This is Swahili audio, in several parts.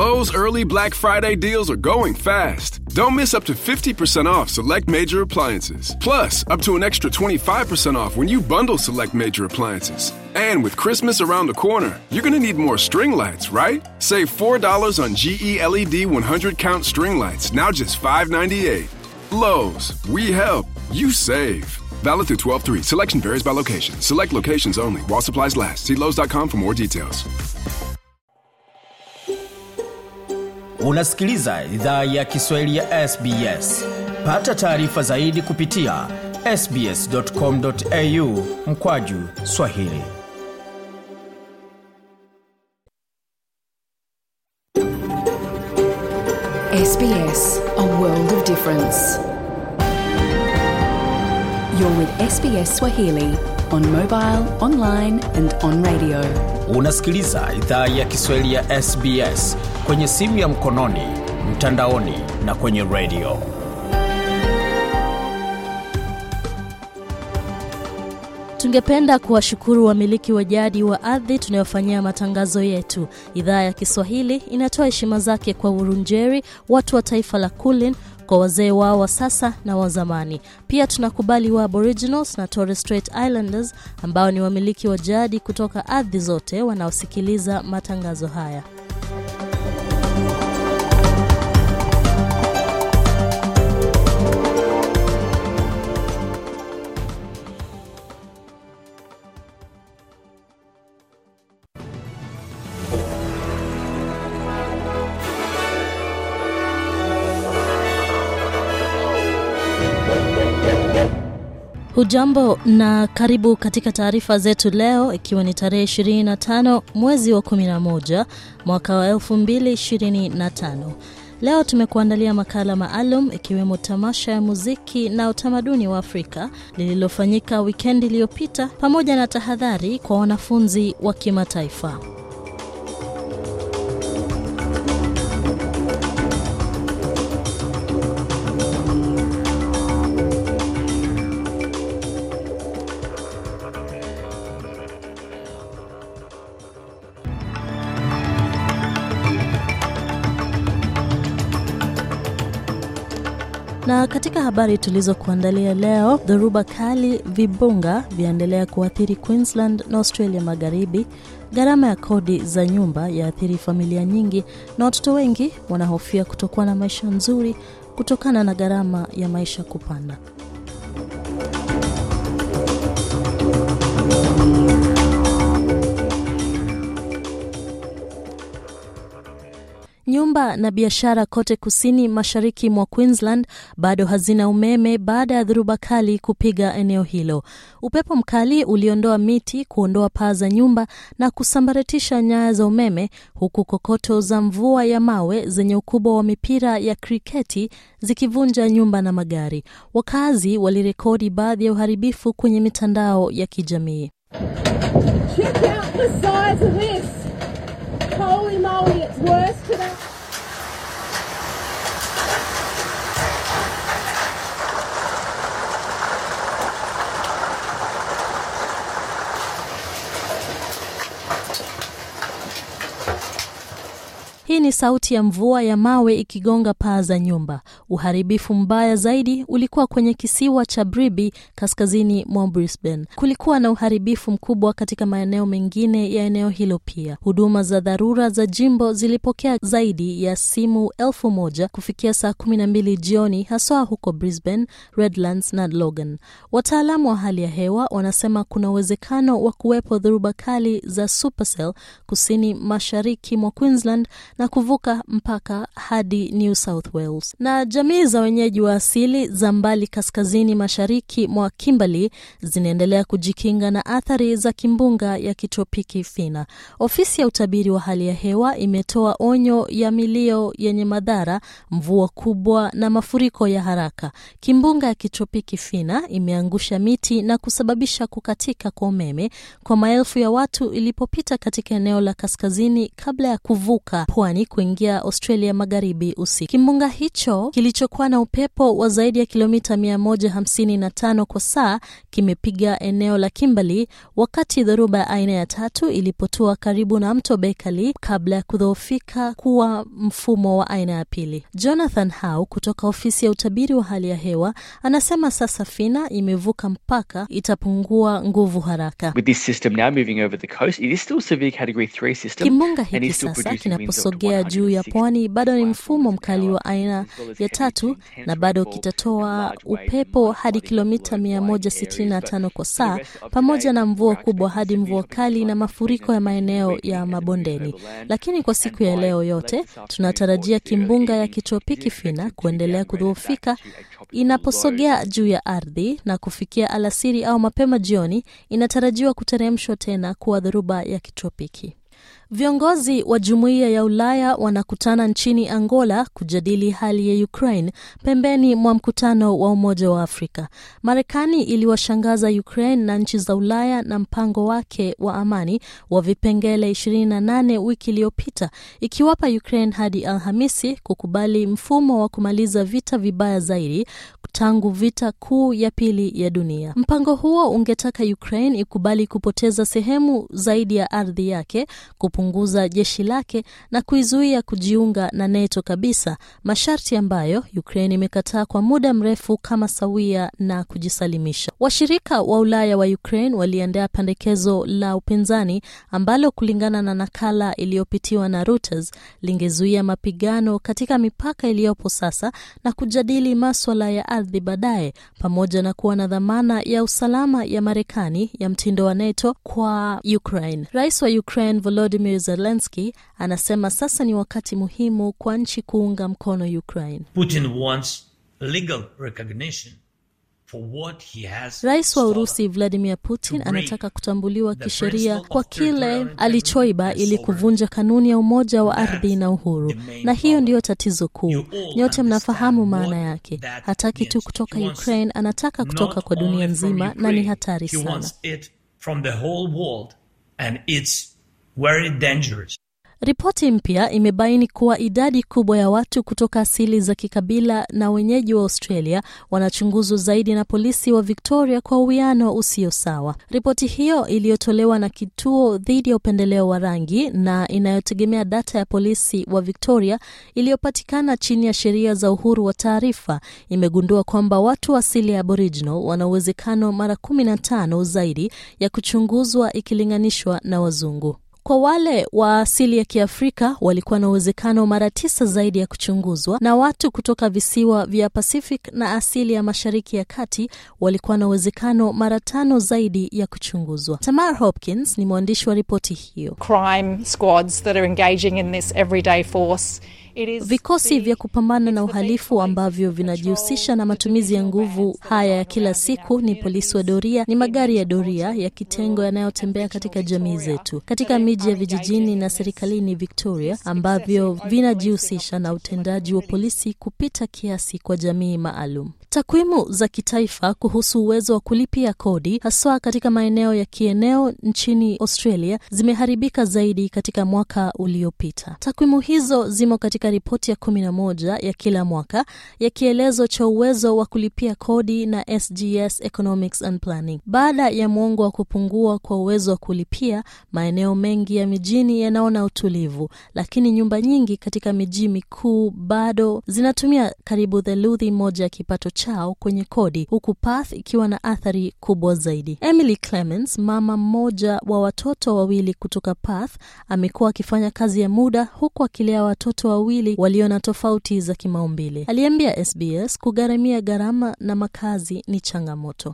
Lowe's early Black Friday deals are going fast. Don't miss up to 50% off select major appliances. Plus, up to an extra 25% off when you bundle select major appliances. And with Christmas around the corner, you're going to need more string lights, right? Save $4 on GE LED 100 count string lights, now just $5.98. Lowe's, we help, you save. Valid through 12 3. Selection varies by location. Select locations only, while supplies last. See Lowe's.com for more details. unasikiliza idhaa ya kiswahili ya sbs pata taarifa zaidi kupitia sbscomau mkwaju swahili SBS, a world of difference. You're with SBS Swahili on mobile, online and on radio. Unasikiliza idhaa ya Kiswahili ya SBS kwenye simu ya mkononi, mtandaoni na kwenye redio. Tungependa kuwashukuru wamiliki wa jadi wa ardhi tunayofanyia matangazo yetu. Idhaa ya Kiswahili inatoa heshima zake kwa Urunjeri, watu wa taifa la Kulin, kwa wazee wao wa sasa na wa zamani. Pia tunakubali wa Aboriginals na Torres Strait Islanders ambao ni wamiliki wa jadi kutoka ardhi zote wanaosikiliza matangazo haya. Hujambo na karibu katika taarifa zetu leo, ikiwa ni tarehe 25 mwezi wa 11 mwaka wa 2025. Leo tumekuandalia makala maalum ikiwemo tamasha ya muziki na utamaduni wa Afrika lililofanyika wikendi iliyopita pamoja na tahadhari kwa wanafunzi wa kimataifa. Katika habari tulizokuandalia leo, dhoruba kali vibunga vyaendelea kuathiri Queensland na Australia Magharibi. Gharama ya kodi za nyumba yaathiri familia nyingi, na watoto wengi wanahofia kutokuwa na maisha nzuri kutokana na gharama ya maisha kupanda. Nyumba na biashara kote kusini mashariki mwa Queensland bado hazina umeme baada ya dhoruba kali kupiga eneo hilo. Upepo mkali uliondoa miti, kuondoa paa za nyumba na kusambaratisha nyaya za umeme, huku kokoto za mvua ya mawe zenye ukubwa wa mipira ya kriketi zikivunja nyumba na magari. Wakazi walirekodi baadhi ya uharibifu kwenye mitandao ya kijamii. holy moly, it's worse today. Hii ni sauti ya mvua ya mawe ikigonga paa za nyumba. Uharibifu mbaya zaidi ulikuwa kwenye kisiwa cha Bribi kaskazini mwa Brisbane. Kulikuwa na uharibifu mkubwa katika maeneo mengine ya eneo hilo pia. Huduma za dharura za jimbo zilipokea zaidi ya simu elfu moja kufikia saa kumi na mbili jioni, haswa huko Brisbane, Redlands na Logan. Wataalamu wa hali ya hewa wanasema kuna uwezekano wa kuwepo dhoruba kali za supercell kusini mashariki mwa Queensland na kuvuka mpaka hadi New South Wales. Na jamii za wenyeji wa asili za mbali kaskazini mashariki mwa Kimberley zinaendelea kujikinga na athari za kimbunga ya kitropiki Fina. Ofisi ya utabiri wa hali ya hewa imetoa onyo ya milio yenye madhara, mvua kubwa na mafuriko ya haraka. Kimbunga ya kitropiki Fina imeangusha miti na kusababisha kukatika kwa umeme kwa maelfu ya watu ilipopita katika eneo la kaskazini kabla ya kuvuka pwani pwani kuingia Australia magharibi usiku. Kimbunga hicho kilichokuwa na upepo wa zaidi ya kilomita 155 kwa saa kimepiga eneo la Kimberley wakati dhoruba ya aina ya tatu ilipotua karibu na mto Bekali kabla ya kudhoofika kuwa mfumo wa aina ya pili. Jonathan Howe kutoka ofisi ya utabiri wa hali ya hewa anasema sasa Fina imevuka mpaka, itapungua nguvu haraka. Kimbunga hiki sasa kinaposogea kulegea juu ya pwani bado ni mfumo mkali wa aina ya tatu na bado kitatoa upepo hadi kilomita 165 kwa saa, pamoja na mvua kubwa hadi mvua kali na mafuriko ya maeneo ya mabondeni. Lakini kwa siku ya leo yote tunatarajia kimbunga ya kitropiki Fina kuendelea kudhoofika inaposogea juu ya ardhi na kufikia alasiri au mapema jioni, inatarajiwa kuteremshwa tena kuwa dhoruba ya kitropiki. Viongozi wa jumuiya ya Ulaya wanakutana nchini Angola kujadili hali ya Ukraine pembeni mwa mkutano wa Umoja wa Afrika. Marekani iliwashangaza Ukraine na nchi za Ulaya na mpango wake wa amani wa vipengele 28 wiki iliyopita, ikiwapa Ukraine hadi Alhamisi kukubali mfumo wa kumaliza vita vibaya zaidi tangu vita kuu ya pili ya dunia. Mpango huo ungetaka Ukraine ikubali kupoteza sehemu zaidi ya ardhi yake kupu kupunguza jeshi lake na kuizuia kujiunga na NATO kabisa, masharti ambayo Ukraine imekataa kwa muda mrefu kama sawia na kujisalimisha. Washirika wa Ulaya wa Ukraine waliandaa pendekezo la upinzani ambalo kulingana na nakala iliyopitiwa na Reuters lingezuia mapigano katika mipaka iliyopo sasa na kujadili maswala ya ardhi baadaye, pamoja na kuwa na dhamana ya usalama ya Marekani ya mtindo wa NATO kwa Ukraine. Rais wa Ukraine Volodymyr Volodimir Zelenski anasema sasa ni wakati muhimu kwa nchi kuunga mkono Ukraine. Putin wants legal recognition. Rais wa Urusi Vladimir Putin anataka kutambuliwa kisheria kwa kile alichoiba ili kuvunja kanuni ya umoja wa ardhi na uhuru, na hiyo ndiyo tatizo kuu. Nyote mnafahamu maana yake. Hataki tu kutoka Ukraine, anataka kutoka kwa dunia nzima, na ni hatari sana very dangerous. Ripoti mpya imebaini kuwa idadi kubwa ya watu kutoka asili za kikabila na wenyeji wa Australia wanachunguzwa zaidi na polisi wa Victoria kwa uwiano usio sawa. Ripoti hiyo iliyotolewa na kituo dhidi ya upendeleo wa rangi na inayotegemea data ya polisi wa Victoria iliyopatikana chini ya sheria za uhuru wa taarifa imegundua kwamba watu wa asili ya Aboriginal wana uwezekano mara kumi na tano zaidi ya kuchunguzwa ikilinganishwa na wazungu. Kwa wale wa asili ya Kiafrika walikuwa na uwezekano mara tisa zaidi ya kuchunguzwa, na watu kutoka visiwa vya Pacific na asili ya Mashariki ya Kati walikuwa na uwezekano mara tano zaidi ya kuchunguzwa. Tamar Hopkins ni mwandishi wa ripoti hiyo. Crime squads that are engaging in this everyday force Vikosi vya kupambana na uhalifu ambavyo vinajihusisha na matumizi ya nguvu haya ya kila siku ni polisi wa doria, ni magari ya doria ya kitengo yanayotembea katika jamii zetu, katika miji ya vijijini na serikalini Victoria, ambavyo vinajihusisha na utendaji wa polisi kupita kiasi kwa jamii maalum. Takwimu za kitaifa kuhusu uwezo wa kulipia kodi haswa katika maeneo ya kieneo nchini Australia zimeharibika zaidi katika mwaka uliopita. Takwimu hizo zimo katika ripoti ya kumi na moja ya kila mwaka ya kielezo cha uwezo wa kulipia kodi na SGS Economics and Planning. Baada ya mwongo wa kupungua kwa uwezo wa kulipia, maeneo mengi ya mijini yanaona utulivu, lakini nyumba nyingi katika miji mikuu bado zinatumia karibu theluthi moja ya kipato chao kwenye kodi, huku path ikiwa na athari kubwa zaidi. Emily Clemens, mama mmoja wa watoto wawili kutoka path amekuwa akifanya kazi ya muda huku akilea watoto wawili walio na tofauti za kimaumbile. Aliambia SBS kugharamia gharama na makazi ni changamoto.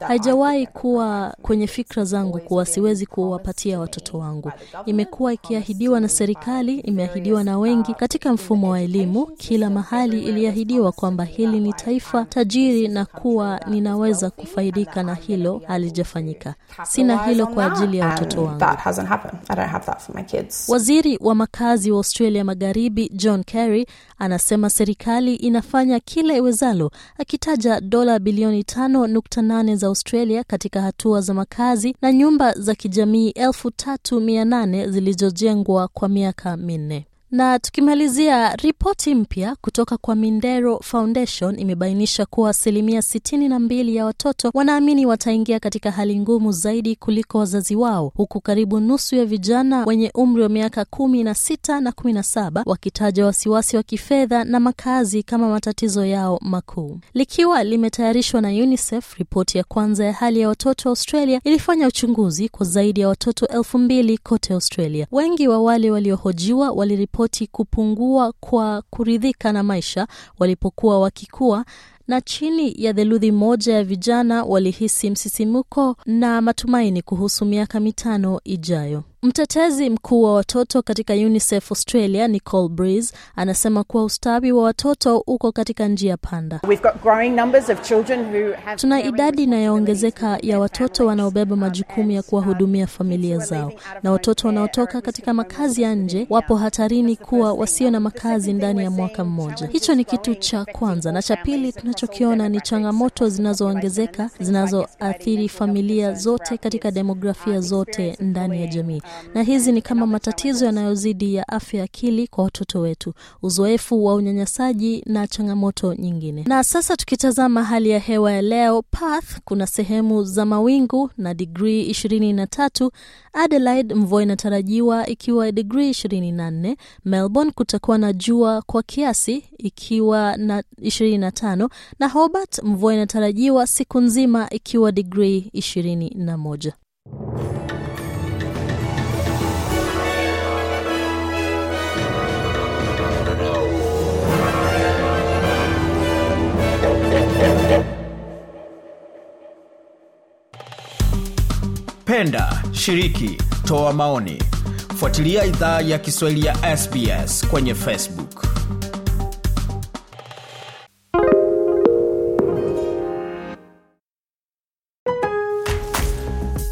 Haijawahi kuwa kwenye fikra zangu kuwa siwezi kuwapatia watoto wangu. Imekuwa ikiahidiwa na serikali, imeahidiwa na wengi katika mfumo wa elimu, kila mahali iliahidi kusaidiwa kwamba hili ni taifa tajiri na kuwa ninaweza kufaidika na hilo halijafanyika. Sina hilo kwa ajili ya watoto wangu. Waziri wa makazi wa Australia Magharibi John Kerry anasema serikali inafanya kila iwezalo, akitaja dola bilioni 5.8 za Australia katika hatua za makazi na nyumba za kijamii 38 zilizojengwa kwa miaka minne. Na tukimalizia, ripoti mpya kutoka kwa Mindero Foundation imebainisha kuwa asilimia sitini na mbili ya watoto wanaamini wataingia katika hali ngumu zaidi kuliko wazazi wao, huku karibu nusu ya vijana wenye umri wa miaka kumi na sita na kumi na saba wakitaja wasiwasi wa kifedha na makazi kama matatizo yao makuu. Likiwa limetayarishwa na UNICEF, ripoti ya kwanza ya hali ya watoto Australia ilifanya uchunguzi kwa zaidi ya watoto elfu mbili kote Australia. Wengi wa wale waliohojiwa waliripoti waliripoti kupungua kwa kuridhika na maisha walipokuwa wakikua na chini ya theluthi moja ya vijana walihisi msisimuko na matumaini kuhusu miaka mitano ijayo. Mtetezi mkuu wa watoto katika UNICEF Australia, Nicole Breeze, anasema kuwa ustawi wa watoto uko katika njia panda. Tuna idadi inayoongezeka ya watoto wanaobeba majukumu ya kuwahudumia familia zao, na watoto wanaotoka katika makazi ya nje wapo hatarini kuwa wasio na makazi ndani ya mwaka mmoja. Hicho ni kitu cha kwanza, na cha pili tunachokiona ni changamoto zinazoongezeka zinazoathiri familia zote katika demografia zote ndani ya jamii na hizi ni kama matatizo yanayozidi ya afya ya akili kwa watoto wetu, uzoefu wa unyanyasaji na changamoto nyingine. Na sasa tukitazama hali ya hewa ya leo, Perth kuna sehemu za mawingu na digrii 23. Adelaide mvua inatarajiwa ikiwa digrii 24. Melbourne kutakuwa na jua kwa kiasi ikiwa na 25, na Hobart mvua inatarajiwa siku nzima ikiwa digrii 21. Penda, shiriki, toa maoni. Fuatilia idhaa ya Kiswahili ya SBS kwenye Facebook.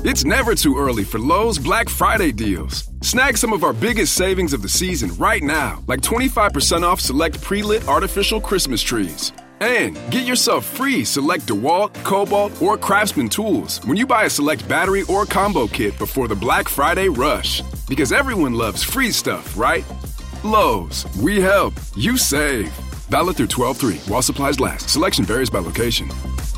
It's never too early for Lowe's Black Friday deals. Snag some of our biggest savings of the season right now, like 25% off select pre lit artificial Christmas trees. And get yourself free select DeWalt, Cobalt, or Craftsman tools when you buy a select battery or combo kit before the Black Friday rush. Because everyone loves free stuff, right? Lowe's, we help, you save. Valid through 12 3 while supplies last. Selection varies by location.